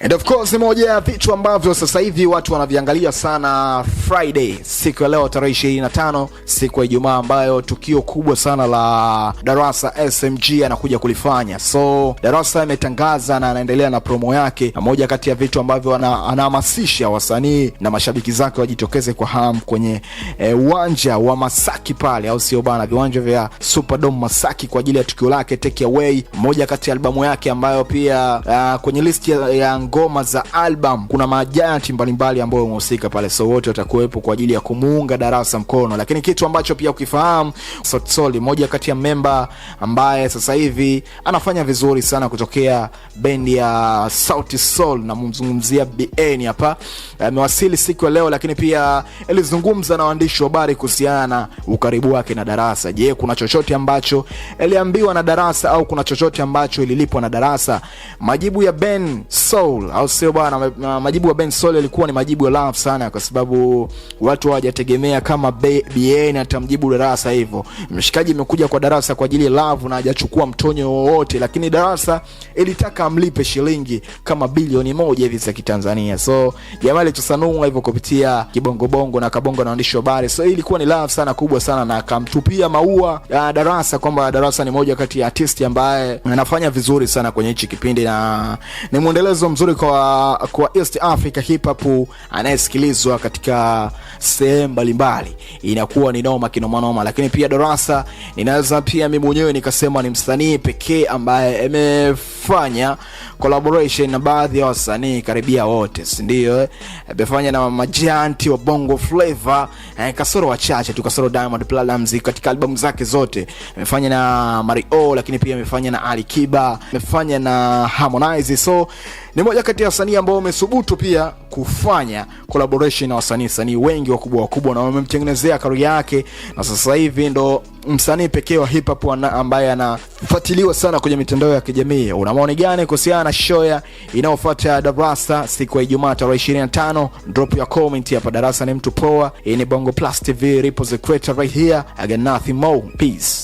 And of course ni moja ya vitu ambavyo sasa hivi watu wanaviangalia sana. Friday siku ya leo tarehe 25, siku ya Ijumaa ambayo tukio kubwa sana la Darasa SMG anakuja kulifanya. So Darasa ametangaza na anaendelea na promo yake, na moja kati ya vitu ambavyo anahamasisha wasanii na mashabiki zake wajitokeze kwa hamu kwenye eh, uwanja e, wa Masaki pale, au sio bana, viwanja vya Superdome Masaki kwa ajili ya tukio lake Take Away, moja kati ya albamu yake ambayo pia a, ah, kwenye listi ya, ya ngoma za album. Kuna majanti mbalimbali ambayo umehusika pale, so wote watakuwepo kwa ajili ya kumuunga Darasa mkono. Lakini kitu ambacho pia ukifahamu, Sotsoli moja kati ya memba ambaye sasa hivi anafanya vizuri sana kutokea bendi ya Sauti Sol, namzungumzia BN hapa, amewasili siku ya leo, lakini pia alizungumza na waandishi wa habari kuhusiana na ukaribu wake na Darasa. Je, kuna chochote ambacho aliambiwa na Darasa au kuna chochote ambacho ililipwa na Darasa? Majibu ya Ben so Soul, au sio bwana? Majibu ya Ben Soul yalikuwa ni majibu ya love sana, kwa sababu watu hawajategemea kama BN atamjibu Darasa hivyo. Mshikaji amekuja kwa Darasa kwa ajili ya love na hajachukua mtonyo wowote, lakini Darasa ilitaka amlipe shilingi kama bilioni moja hivi za Kitanzania. So jamaa alichosanua hivyo kupitia kibongo bongo na kabongo na waandishi wa habari, so ilikuwa ni love sana kubwa sana, na akamtupia maua ya Darasa kwamba Darasa ni moja kati ya artisti ambaye anafanya vizuri sana kwenye hichi kipindi na ni mwendelezo mzuri nzuri kwa kwa East Africa hip hop anayesikilizwa katika sehemu mbalimbali, inakuwa ni noma kinoma noma. Lakini pia Darasa, ninaweza pia mimi mwenyewe nikasema ni msanii pekee ambaye amefanya collaboration na baadhi ya wasanii karibia wote, si ndio? Eh? Amefanya na majanti wa Bongo flavor eh, kasoro wachache tu, kasoro Diamond Platnumz katika albamu zake zote. Amefanya na Mario, lakini pia amefanya na Ali Kiba, amefanya na Harmonize so ni moja kati ya wasanii ambao wamethubutu pia kufanya collaboration na wasanii sanii wengi wakubwa wakubwa, na wamemtengenezea karia yake, na sasa hivi ndo msanii pekee wa hip hop ambaye anafuatiliwa sana kwenye mitandao ya kijamii. Una maoni gani kuhusiana na show inayofuata ya Darasa siku ya Ijumaa tarehe 25? Drop ya comment hapa. Darasa ni mtu poa. Hii ni Bongo Plus TV, ripo the creator right here. again nothing more. Peace.